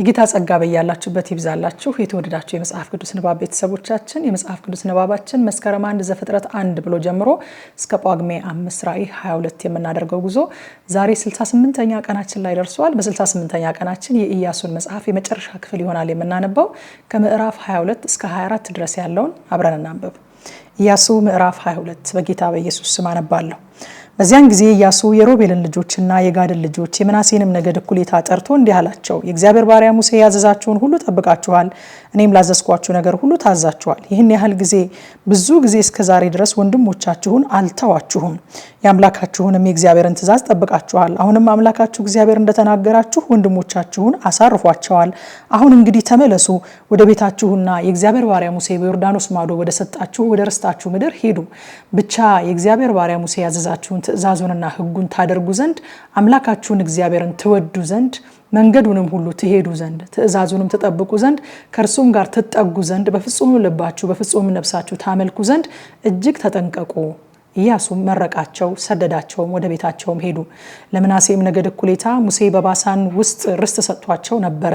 የጌታ ጸጋ በያላችሁበት ይብዛላችሁ። የተወደዳችሁ የመጽሐፍ ቅዱስ ንባብ ቤተሰቦቻችን የመጽሐፍ ቅዱስ ንባባችን መስከረም አንድ ዘፍጥረት አንድ ብሎ ጀምሮ እስከ ጳጉሜ አምስት ራዕይ 22 የምናደርገው ጉዞ ዛሬ 68ኛ ቀናችን ላይ ደርሷል። በ68ኛ ቀናችን የኢያሱን መጽሐፍ የመጨረሻ ክፍል ይሆናል የምናነበው ከምዕራፍ 22 እስከ 24 ድረስ ያለውን አብረን እናንብብ። ኢያሱ ምዕራፍ 22 በጌታ በኢየሱስ ስም አነባለሁ። በዚያን ጊዜ ኢያሱ የሮቤልን ልጆችና የጋድን ልጆች የምናሴንም ነገድ እኩሌታ ጠርቶ እንዲህ አላቸው፣ የእግዚአብሔር ባሪያ ሙሴ ያዘዛችሁን ሁሉ ጠብቃችኋል፣ እኔም ላዘዝኳችሁ ነገር ሁሉ ታዛችኋል። ይህን ያህል ጊዜ ብዙ ጊዜ እስከ ዛሬ ድረስ ወንድሞቻችሁን አልተዋችሁም፣ የአምላካችሁንም የእግዚአብሔርን ትእዛዝ ጠብቃችኋል። አሁንም አምላካችሁ እግዚአብሔር እንደተናገራችሁ ወንድሞቻችሁን አሳርፏቸዋል። አሁን እንግዲህ ተመለሱ፣ ወደ ቤታችሁና የእግዚአብሔር ባሪያ ሙሴ በዮርዳኖስ ማዶ ወደ ሰጣችሁ ወደ ርስታችሁ ምድር ሄዱ ብቻ የእግዚአብሔር ባሪያ ሙሴ ያዘዛችሁን ትእዛዙንና ሕጉን ታደርጉ ዘንድ አምላካችሁን እግዚአብሔርን ትወዱ ዘንድ መንገዱንም ሁሉ ትሄዱ ዘንድ ትእዛዙንም ትጠብቁ ዘንድ ከእርሱም ጋር ትጠጉ ዘንድ በፍጹም ልባችሁ በፍጹም ነብሳችሁ ታመልኩ ዘንድ እጅግ ተጠንቀቁ። ኢያሱም መረቃቸው፣ ሰደዳቸውም፣ ወደ ቤታቸውም ሄዱ። ለምናሴም ነገድ እኩሌታ ሙሴ በባሳን ውስጥ ርስት ሰጥቷቸው ነበረ።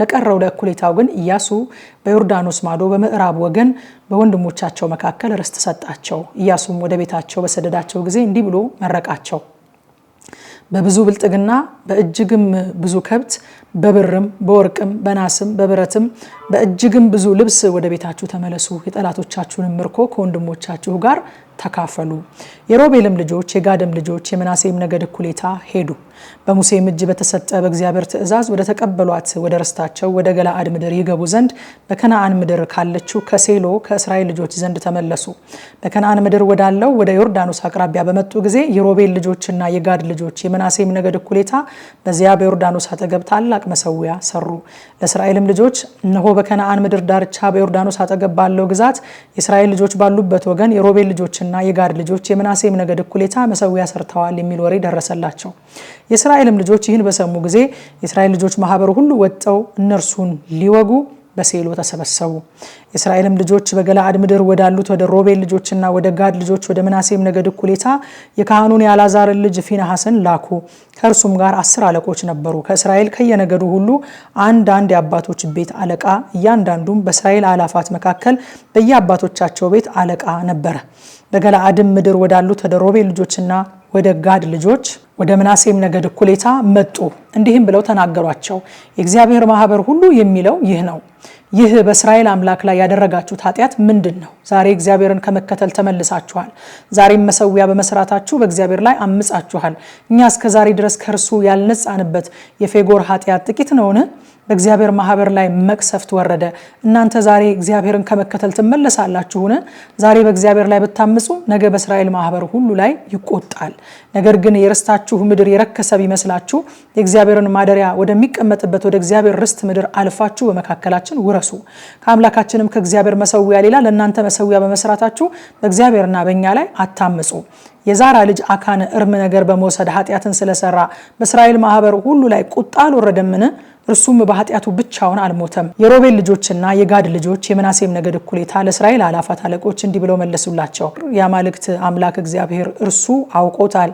ለቀረው ለእኩሌታው ግን ኢያሱ በዮርዳኖስ ማዶ በምዕራብ ወገን በወንድሞቻቸው መካከል ርስት ሰጣቸው። ኢያሱም ወደ ቤታቸው በሰደዳቸው ጊዜ እንዲህ ብሎ መረቃቸው። በብዙ ብልጥግና በእጅግም ብዙ ከብት በብርም በወርቅም በናስም በብረትም በእጅግም ብዙ ልብስ ወደ ቤታችሁ ተመለሱ፣ የጠላቶቻችሁንም ምርኮ ከወንድሞቻችሁ ጋር ተካፈሉ። የሮቤልም ልጆች የጋድም ልጆች የመናሴም ነገድ እኩሌታ ሄዱ፣ በሙሴም እጅ በተሰጠ በእግዚአብሔር ትእዛዝ ወደ ተቀበሏት ወደ ርስታቸው ወደ ገላአድ ምድር ይገቡ ዘንድ በከነአን ምድር ካለችው ከሴሎ ከእስራኤል ልጆች ዘንድ ተመለሱ። በከነአን ምድር ወዳለው ወደ ዮርዳኖስ አቅራቢያ በመጡ ጊዜ የሮቤል ልጆችና የጋድ ልጆች የመናሴም ነገድ እኩሌታ በዚያ በዮርዳኖስ አጠገብ ታላቅ መሰዊያ ሰሩ። ለእስራኤልም ልጆች እነሆ በከነአን ምድር ዳርቻ በዮርዳኖስ አጠገብ ባለው ግዛት የእስራኤል ልጆች ባሉበት ወገን የሮቤል ልጆችና የጋድ ልጆች የምናሴም ነገድ እኩሌታ መሰዊያ ሰርተዋል የሚል ወሬ ደረሰላቸው። የእስራኤልም ልጆች ይህን በሰሙ ጊዜ የእስራኤል ልጆች ማህበሩ ሁሉ ወጠው እነርሱን ሊወጉ በሴሎ ተሰበሰቡ። የእስራኤልም ልጆች በገላአድ ምድር ወዳሉት ወደ ሮቤል ልጆችና ወደ ጋድ ልጆች ወደ ምናሴም ነገድ እኩሌታ የካህኑን የአላዛር ልጅ ፊንሐስን ላኩ። ከእርሱም ጋር አስር አለቆች ነበሩ። ከእስራኤል ከየነገዱ ሁሉ አንድ አንድ የአባቶች ቤት አለቃ፣ እያንዳንዱም በእስራኤል አላፋት መካከል በየአባቶቻቸው ቤት አለቃ ነበረ። በገለአድም ምድር ወዳሉት ወደ ሮቤል ልጆችና ወደ ጋድ ልጆች ወደ ምናሴም ነገድ እኩሌታ መጡ። እንዲህም ብለው ተናገሯቸው የእግዚአብሔር ማህበር ሁሉ የሚለው ይህ ነው። ይህ በእስራኤል አምላክ ላይ ያደረጋችሁት ኃጢአት ምንድን ነው? ዛሬ እግዚአብሔርን ከመከተል ተመልሳችኋል። ዛሬም መሰዊያ በመስራታችሁ በእግዚአብሔር ላይ አምጻችኋል። እኛ እስከ ዛሬ ድረስ ከእርሱ ያልነጻንበት የፌጎር ኃጢአት ጥቂት ነውን? በእግዚአብሔር ማህበር ላይ መቅሰፍት ወረደ። እናንተ ዛሬ እግዚአብሔርን ከመከተል ትመለሳላችሁን? ዛሬ በእግዚአብሔር ላይ ብታምፁ ነገ በእስራኤል ማህበር ሁሉ ላይ ይቆጣል። ነገር ግን የርስታችሁ ምድር የረከሰ ቢመስላችሁ የእግዚአብሔርን ማደሪያ ወደሚቀመጥበት ወደ እግዚአብሔር ርስት ምድር አልፋችሁ በመካከላችን ውረሱ። ከአምላካችንም ከእግዚአብሔር መሰዊያ ሌላ ለእናንተ መሰዊያ በመስራታችሁ በእግዚአብሔርና በእኛ ላይ አታምፁ። የዛራ ልጅ አካን እርም ነገር በመውሰድ ኃጢአትን ስለሰራ በእስራኤል ማህበር ሁሉ ላይ ቁጣ አልወረደምን? እርሱም በኃጢአቱ ብቻውን አልሞተም። የሮቤል ልጆችና የጋድ ልጆች የምናሴም ነገድ እኩሌታ ለእስራኤል አላፋት አለቆች እንዲህ ብለው መለሱላቸው። የአማልክት አምላክ እግዚአብሔር እርሱ አውቆታል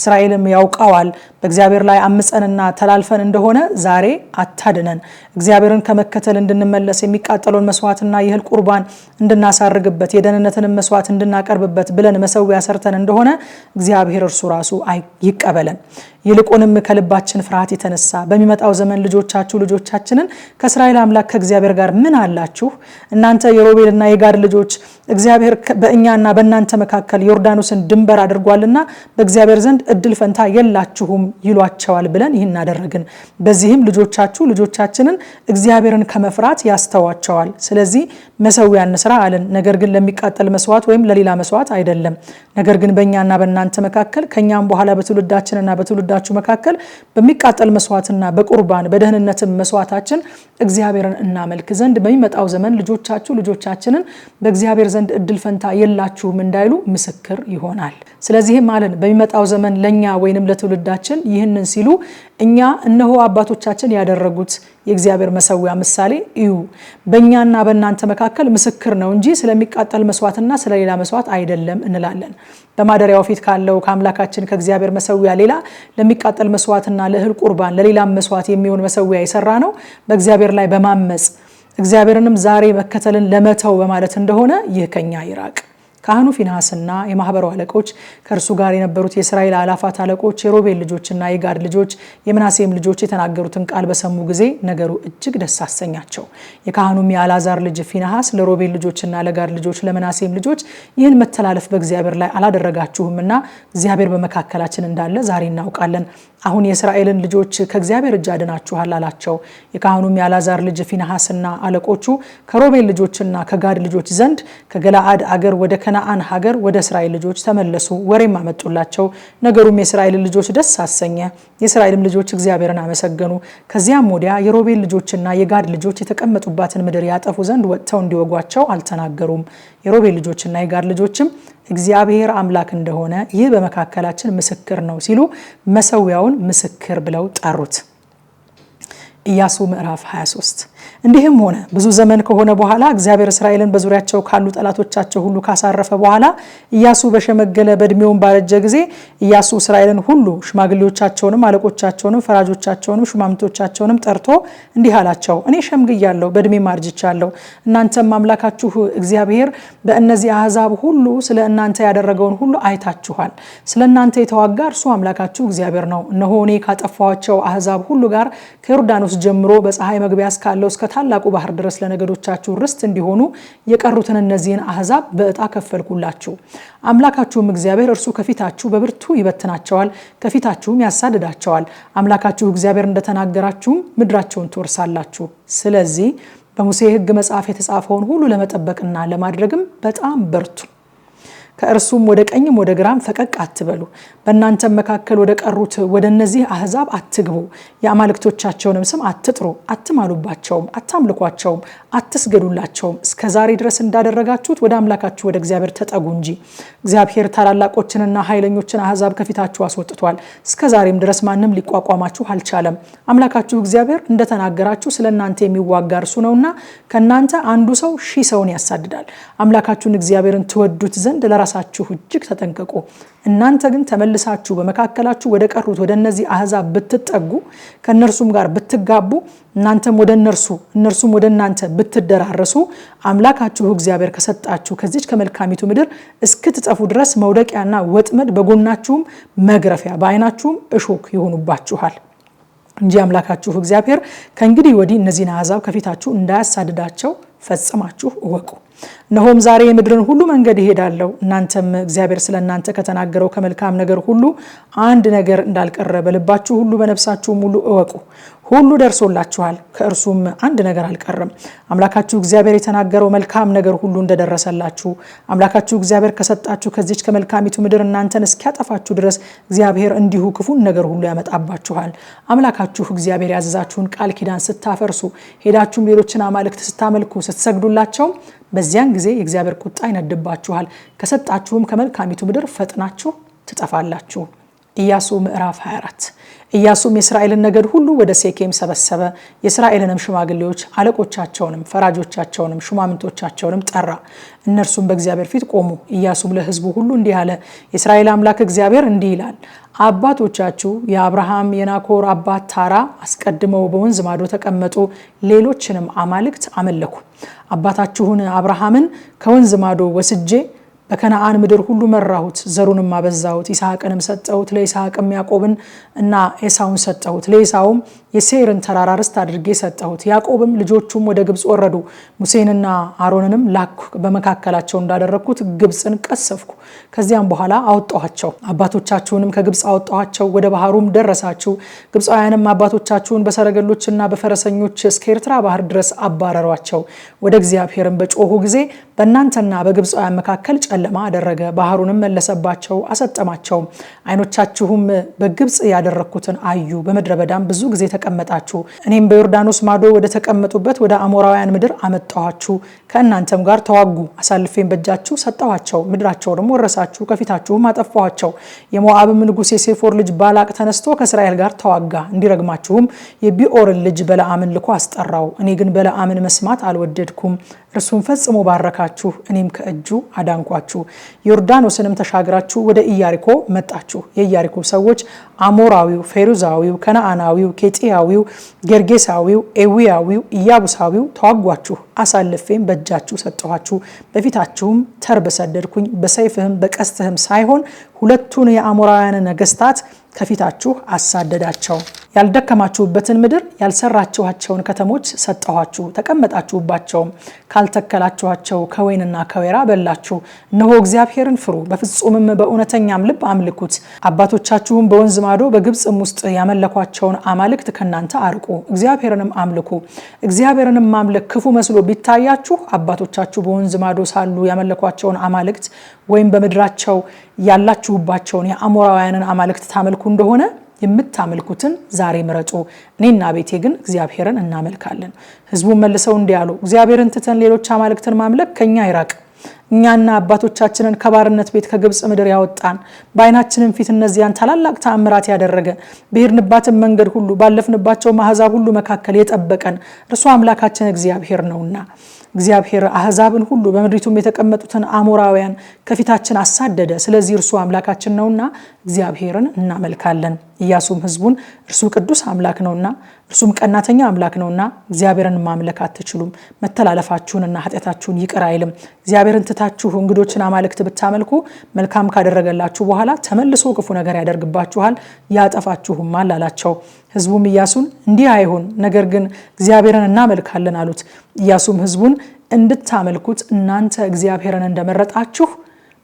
እስራኤልም ያውቀዋል። በእግዚአብሔር ላይ አምፀንና ተላልፈን እንደሆነ ዛሬ አታድነን። እግዚአብሔርን ከመከተል እንድንመለስ የሚቃጠለውን መስዋዕትና የእህል ቁርባን እንድናሳርግበት የደህንነትንም መስዋዕት እንድናቀርብበት ብለን መሰዊያ ሰርተን እንደሆነ እግዚአብሔር እርሱ ራሱ ይቀበለን። ይልቁንም ከልባችን ፍርሃት የተነሳ በሚመጣው ዘመን ልጆቻችሁ ልጆቻችንን ከእስራኤል አምላክ ከእግዚአብሔር ጋር ምን አላችሁ? እናንተ የሮቤልና የጋድ ልጆች እግዚአብሔር በእኛና በእናንተ መካከል ዮርዳኖስን ድንበር አድርጓልና በእግዚአብሔር ዘንድ እድል ፈንታ የላችሁም ይሏቸዋል ብለን ይህን አደረግን። በዚህም ልጆቻችሁ ልጆቻችንን እግዚአብሔርን ከመፍራት ያስተዋቸዋል። ስለዚህ መሰዊያ እንስራ አለን። ነገር ግን ለሚቃጠል መስዋዕት ወይም ለሌላ መስዋዕት አይደለም። ነገር ግን በእኛና በእናንተ መካከል ከእኛም በኋላ በትውልዳችንና በትውልዳችሁ መካከል በሚቃጠል መስዋዕትና በቁርባን በደህንነትም መስዋዕታችን እግዚአብሔርን እናመልክ ዘንድ በሚመጣው ዘመን ልጆቻችሁ ልጆቻችንን በእግዚአብሔር ዘንድ እድል ፈንታ የላችሁም እንዳይሉ ምስክር ይሆናል። ስለዚህም አለን በሚመጣው ዘመን ዘመን ለእኛ ወይንም ለትውልዳችን ይህንን ሲሉ እኛ እነሆ አባቶቻችን ያደረጉት የእግዚአብሔር መሰዊያ ምሳሌ እዩ፣ በእኛና በእናንተ መካከል ምስክር ነው እንጂ ስለሚቃጠል መስዋዕትና ስለሌላ መስዋዕት አይደለም እንላለን። በማደሪያው ፊት ካለው ከአምላካችን ከእግዚአብሔር መሰዊያ ሌላ ለሚቃጠል መስዋዕትና ለእህል ቁርባን ለሌላም መስዋዕት የሚሆን መሰዊያ የሰራ ነው በእግዚአብሔር ላይ በማመፅ እግዚአብሔርንም ዛሬ መከተልን ለመተው በማለት እንደሆነ ይህ ከኛ ይራቅ። ካህኑ ፊንሐስና የማህበሩ አለቆች ከእርሱ ጋር የነበሩት የእስራኤል አላፋት አለቆች የሮቤል ልጆችና የጋድ ልጆች የምናሴም ልጆች የተናገሩትን ቃል በሰሙ ጊዜ ነገሩ እጅግ ደስ አሰኛቸው። የካህኑም የአልዓዛር ልጅ ፊንሐስ ለሮቤል ልጆችና ለጋድ ልጆች ለምናሴም ልጆች ይህን መተላለፍ በእግዚአብሔር ላይ አላደረጋችሁምና እግዚአብሔር በመካከላችን እንዳለ ዛሬ እናውቃለን። አሁን የእስራኤልን ልጆች ከእግዚአብሔር እጅ አድናችኋል አላቸው። የካህኑም የአልዓዛር ልጅ ፊንሐስና አለቆቹ ከሮቤል ልጆችና ከጋድ ልጆች ዘንድ ከገላአድ አገር ወደ ከነአን ሀገር ወደ እስራኤል ልጆች ተመለሱ፣ ወሬም አመጡላቸው። ነገሩም የእስራኤል ልጆች ደስ አሰኘ። የእስራኤልም ልጆች እግዚአብሔርን አመሰገኑ። ከዚያም ወዲያ የሮቤል ልጆችና የጋድ ልጆች የተቀመጡባትን ምድር ያጠፉ ዘንድ ወጥተው እንዲወጓቸው አልተናገሩም። የሮቤል ልጆችና የጋድ ልጆችም እግዚአብሔር አምላክ እንደሆነ ይህ በመካከላችን ምስክር ነው ሲሉ መሰዊያውን ምስክር ብለው ጠሩት። ኢያሱ ምዕራፍ 23 እንዲህም ሆነ ብዙ ዘመን ከሆነ በኋላ እግዚአብሔር እስራኤልን በዙሪያቸው ካሉ ጠላቶቻቸው ሁሉ ካሳረፈ በኋላ ኢያሱ በሸመገለ በእድሜውን ባረጀ ጊዜ ኢያሱ እስራኤልን ሁሉ ሽማግሌዎቻቸውንም፣ አለቆቻቸውንም፣ ፈራጆቻቸውንም፣ ሹማምቶቻቸውንም ጠርቶ እንዲህ አላቸው። እኔ ሸምግያለሁ፣ በእድሜም አርጅቻለሁ። እናንተም አምላካችሁ እግዚአብሔር በእነዚህ አህዛብ ሁሉ ስለ እናንተ ያደረገውን ሁሉ አይታችኋል። ስለ እናንተ የተዋጋ እርሱ አምላካችሁ እግዚአብሔር ነው። እነሆ እኔ ካጠፋኋቸው አህዛብ ሁሉ ጋር ከዮርዳኖስ ጀምሮ በፀሐይ መግቢያ እስካለው እስከ ታላቁ ባህር ድረስ ለነገዶቻችሁ ርስት እንዲሆኑ የቀሩትን እነዚህን አህዛብ በእጣ ከፈልኩላችሁ። አምላካችሁም እግዚአብሔር እርሱ ከፊታችሁ በብርቱ ይበትናቸዋል፣ ከፊታችሁም ያሳድዳቸዋል። አምላካችሁ እግዚአብሔር እንደተናገራችሁም ምድራቸውን ትወርሳላችሁ። ስለዚህ በሙሴ ሕግ መጽሐፍ የተጻፈውን ሁሉ ለመጠበቅና ለማድረግም በጣም በርቱ። ከእርሱም ወደ ቀኝም ወደ ግራም ፈቀቅ አትበሉ። በእናንተም መካከል ወደ ቀሩት ወደ እነዚህ አህዛብ አትግቡ፣ የአማልክቶቻቸውንም ስም አትጥሩ፣ አትማሉባቸውም፣ አታምልኳቸውም፣ አትስገዱላቸውም። እስከ ዛሬ ድረስ እንዳደረጋችሁት ወደ አምላካችሁ ወደ እግዚአብሔር ተጠጉ እንጂ። እግዚአብሔር ታላላቆችንና ኃይለኞችን አህዛብ ከፊታችሁ አስወጥቷል፣ እስከ ዛሬም ድረስ ማንም ሊቋቋማችሁ አልቻለም። አምላካችሁ እግዚአብሔር እንደተናገራችሁ ስለ እናንተ የሚዋጋ እርሱ ነውና ከእናንተ አንዱ ሰው ሺህ ሰውን ያሳድዳል። አምላካችሁን እግዚአብሔርን ትወዱት ዘንድ ለራስ ራሳችሁ እጅግ ተጠንቀቁ። እናንተ ግን ተመልሳችሁ በመካከላችሁ ወደ ቀሩት ወደ እነዚህ አህዛብ ብትጠጉ፣ ከእነርሱም ጋር ብትጋቡ፣ እናንተም ወደ እነርሱ እነርሱም ወደ እናንተ ብትደራረሱ፣ አምላካችሁ እግዚአብሔር ከሰጣችሁ ከዚች ከመልካሚቱ ምድር እስክትጠፉ ድረስ መውደቂያና ወጥመድ፣ በጎናችሁም መግረፊያ፣ በዓይናችሁም እሾክ ይሆኑባችኋል እንጂ አምላካችሁ እግዚአብሔር ከእንግዲህ ወዲህ እነዚህን አሕዛብ ከፊታችሁ እንዳያሳድዳቸው ፈጽማችሁ እወቁ። እነሆም ዛሬ የምድርን ሁሉ መንገድ እሄዳለሁ፣ እናንተም እግዚአብሔር ስለ እናንተ ከተናገረው ከመልካም ነገር ሁሉ አንድ ነገር እንዳልቀረ በልባችሁ ሁሉ በነፍሳችሁም ሁሉ እወቁ። ሁሉ ደርሶላችኋል፣ ከእርሱም አንድ ነገር አልቀርም አምላካችሁ እግዚአብሔር የተናገረው መልካም ነገር ሁሉ እንደደረሰላችሁ አምላካችሁ እግዚአብሔር ከሰጣችሁ ከዚች ከመልካሚቱ ምድር እናንተን እስኪያጠፋችሁ ድረስ እግዚአብሔር እንዲሁ ክፉን ነገር ሁሉ ያመጣባችኋል። አምላካችሁ እግዚአብሔር ያዘዛችሁን ቃል ኪዳን ስታፈርሱ፣ ሄዳችሁም ሌሎችን አማልክት ስታመልኩ ስትሰግዱላቸውም በዚያን ጊዜ የእግዚአብሔር ቁጣ ይነድባችኋል፣ ከሰጣችሁም ከመልካሚቱ ምድር ፈጥናችሁ ትጠፋላችሁ። ኢያሱ ምዕራፍ 24 ኢያሱም የእስራኤልን ነገድ ሁሉ ወደ ሴኬም ሰበሰበ። የእስራኤልንም ሽማግሌዎች አለቆቻቸውንም፣ ፈራጆቻቸውንም፣ ሹማምንቶቻቸውንም ጠራ። እነርሱም በእግዚአብሔር ፊት ቆሙ። ኢያሱም ለሕዝቡ ሁሉ እንዲህ አለ። የእስራኤል አምላክ እግዚአብሔር እንዲህ ይላል አባቶቻችሁ የአብርሃም የናኮር አባት ታራ አስቀድመው በወንዝ ማዶ ተቀመጡ፣ ሌሎችንም አማልክት አመለኩ። አባታችሁን አብርሃምን ከወንዝ ማዶ ወስጄ በከነአን ምድር ሁሉ መራሁት፣ ዘሩንም አበዛሁት፣ ይስሐቅንም ሰጠሁት፣ ለይስሐቅም ያዕቆብን እና ኤሳውን ሰጠሁት፣ ለኤሳውም የሴርን ተራራ ርስት አድርጌ ሰጠሁት። ያዕቆብም ልጆቹም ወደ ግብፅ ወረዱ፣ ሙሴንና አሮንንም ላኩ፣ በመካከላቸው እንዳደረግኩት ግብፅን ቀሰፍኩ። ከዚያም በኋላ አወጣኋቸው፣ አባቶቻችሁንም ከግብፅ አወጣኋቸው፣ ወደ ባህሩም ደረሳችሁ። ግብፃውያንም አባቶቻችሁን በሰረገሎችና በፈረሰኞች እስከ ኤርትራ ባህር ድረስ አባረሯቸው። ወደ እግዚአብሔርም በጮሁ ጊዜ በእናንተና በግብፃውያን መካከል ጨለማ አደረገ፣ ባህሩንም መለሰባቸው አሰጠማቸውም። አይኖቻችሁም በግብፅ ያደረግኩትን አዩ። በምድረ በዳም ብዙ ጊዜ ተቀመጣችሁ። እኔም በዮርዳኖስ ማዶ ወደ ተቀመጡበት ወደ አሞራውያን ምድር አመጣኋችሁ። ከእናንተም ጋር ተዋጉ፣ አሳልፌም በእጃችሁ ሰጠኋቸው። ምድራቸውንም ወረሳችሁ፣ ከፊታችሁም አጠፋኋቸው። የሞዓብም ንጉሥ የሴፎር ልጅ ባላቅ ተነስቶ ከእስራኤል ጋር ተዋጋ። እንዲረግማችሁም የቢኦርን ልጅ በለዓምን ልኮ አስጠራው። እኔ ግን በለዓምን መስማት አልወደድኩም፣ እርሱም ፈጽሞ ባረካቸው አወጣችሁ፣ እኔም ከእጁ አዳንኳችሁ። ዮርዳኖስንም ተሻግራችሁ ወደ ኢያሪኮ መጣችሁ። የኢያሪኮ ሰዎች አሞራዊው፣ ፌሩዛዊው፣ ከነአናዊው፣ ኬጢያዊው፣ ጌርጌሳዊው፣ ኤዊያዊው፣ ኢያቡሳዊው ተዋጓችሁ፣ አሳልፌም በእጃችሁ ሰጠኋችሁ። በፊታችሁም ተርብ ሰደድኩኝ፣ በሰይፍህም በቀስትህም ሳይሆን ሁለቱን የአሞራውያን ነገስታት ከፊታችሁ አሳደዳቸው። ያልደከማችሁበትን ምድር ያልሰራችኋቸውን ከተሞች ሰጠኋችሁ፣ ተቀመጣችሁባቸውም። ካልተከላችኋቸው ከወይንና ከወይራ በላችሁ። እነሆ እግዚአብሔርን ፍሩ፣ በፍጹምም በእውነተኛም ልብ አምልኩት። አባቶቻችሁም በወንዝ ማዶ በግብፅም ውስጥ ያመለኳቸውን አማልክት ከእናንተ አርቁ፣ እግዚአብሔርንም አምልኩ። እግዚአብሔርንም ማምለክ ክፉ መስሎ ቢታያችሁ አባቶቻችሁ በወንዝ ማዶ ሳሉ ያመለኳቸውን አማልክት ወይም በምድራቸው ያላችሁባቸውን የአሞራውያንን አማልክት ታመልኩ እንደሆነ የምታመልኩትን ዛሬ ምረጡ፣ እኔና ቤቴ ግን እግዚአብሔርን እናመልካለን። ህዝቡ መልሰው እንዲህ አሉ፣ እግዚአብሔርን ትተን ሌሎች አማልክትን ማምለክ ከኛ ይራቅ እኛና አባቶቻችንን ከባርነት ቤት ከግብፅ ምድር ያወጣን በአይናችንም ፊት እነዚያን ታላላቅ ተአምራት ያደረገ በሄድንባትን መንገድ ሁሉ ባለፍንባቸው አሕዛብ ሁሉ መካከል የጠበቀን እርሱ አምላካችን እግዚአብሔር ነውና እግዚአብሔር አህዛብን ሁሉ በምድሪቱም የተቀመጡትን አሞራውያን ከፊታችን አሳደደ። ስለዚህ እርሱ አምላካችን ነውና እግዚአብሔርን እናመልካለን። እያሱም ህዝቡን እርሱ ቅዱስ አምላክ ነውና እርሱም ቀናተኛ አምላክ ነውና እግዚአብሔርን ማምለክ አትችሉም፣ መተላለፋችሁንና ኃጢአታችሁን ይቅር አይልም እግዚአብሔርን መታችሁ እንግዶችን አማልክት ብታመልኩ መልካም ካደረገላችሁ በኋላ ተመልሶ ክፉ ነገር ያደርግባችኋል ያጠፋችሁማል አላቸው። ህዝቡም ኢያሱን እንዲህ አይሁን፣ ነገር ግን እግዚአብሔርን እናመልካለን አሉት። ኢያሱም ህዝቡን እንድታመልኩት እናንተ እግዚአብሔርን እንደመረጣችሁ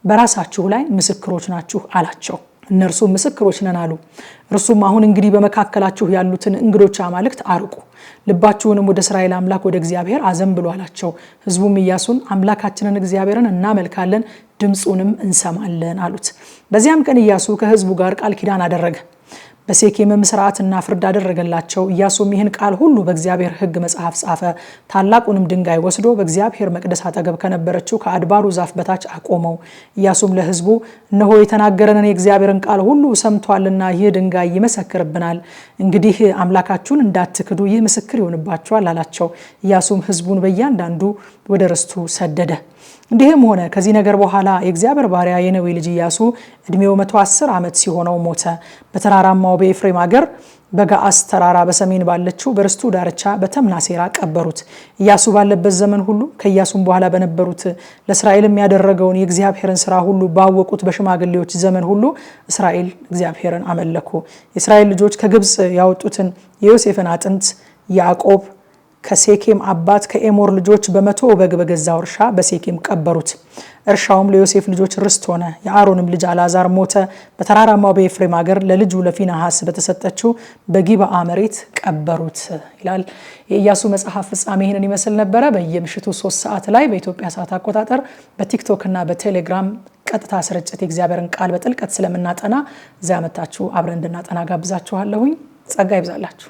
በራሳችሁ ላይ ምስክሮች ናችሁ አላቸው። እነርሱ ምስክሮች ነን አሉ። እርሱም አሁን እንግዲህ በመካከላችሁ ያሉትን እንግዶች አማልክት አርቁ፣ ልባችሁንም ወደ እስራኤል አምላክ ወደ እግዚአብሔር አዘንብሉ አላቸው። ህዝቡም እያሱን አምላካችንን እግዚአብሔርን እናመልካለን፣ ድምፁንም እንሰማለን አሉት። በዚያም ቀን እያሱ ከህዝቡ ጋር ቃል ኪዳን አደረገ። በሴኬምም ስርዓትና ፍርድ አደረገላቸው። ኢያሱም ይህን ቃል ሁሉ በእግዚአብሔር ሕግ መጽሐፍ ጻፈ። ታላቁንም ድንጋይ ወስዶ በእግዚአብሔር መቅደስ አጠገብ ከነበረችው ከአድባሩ ዛፍ በታች አቆመው። ኢያሱም ለሕዝቡ እነሆ የተናገረንን የእግዚአብሔርን ቃል ሁሉ ሰምቷልና ይህ ድንጋይ ይመሰክርብናል። እንግዲህ አምላካችሁን እንዳትክዱ ይህ ምስክር ይሆንባችኋል አላቸው። ኢያሱም ሕዝቡን በእያንዳንዱ ወደ ርስቱ ሰደደ። እንዲህም ሆነ ከዚህ ነገር በኋላ የእግዚአብሔር ባሪያ የነዌ ልጅ ኢያሱ እድሜው 110 ዓመት ሲሆነው ሞተ። በተራራማው በኤፍሬም አገር በጋአስ ተራራ በሰሜን ባለችው በርስቱ ዳርቻ በተምናሴራ ቀበሩት። ኢያሱ ባለበት ዘመን ሁሉ ከኢያሱም በኋላ በነበሩት ለእስራኤልም ያደረገውን የእግዚአብሔርን ስራ ሁሉ ባወቁት በሽማግሌዎች ዘመን ሁሉ እስራኤል እግዚአብሔርን አመለኩ። የእስራኤል ልጆች ከግብፅ ያወጡትን የዮሴፍን አጥንት ያዕቆብ ከሴኬም አባት ከኤሞር ልጆች በመቶ በግ በገዛው እርሻ በሴኬም ቀበሩት። እርሻውም ለዮሴፍ ልጆች ርስት ሆነ። የአሮንም ልጅ አልዓዛር ሞተ። በተራራማው በኤፍሬም ሀገር ለልጁ ለፊንሐስ በተሰጠችው በጊባአ መሬት ቀበሩት ይላል። የኢያሱ መጽሐፍ ፍጻሜ ይህንን ይመስል ነበረ። በየምሽቱ ሶስት ሰዓት ላይ በኢትዮጵያ ሰዓት አቆጣጠር በቲክቶክ እና በቴሌግራም ቀጥታ ስርጭት የእግዚአብሔርን ቃል በጥልቀት ስለምናጠና እዚያ መታችሁ አብረን እንድናጠና ጋብዛችኋለሁኝ። ጸጋ ይብዛላችሁ።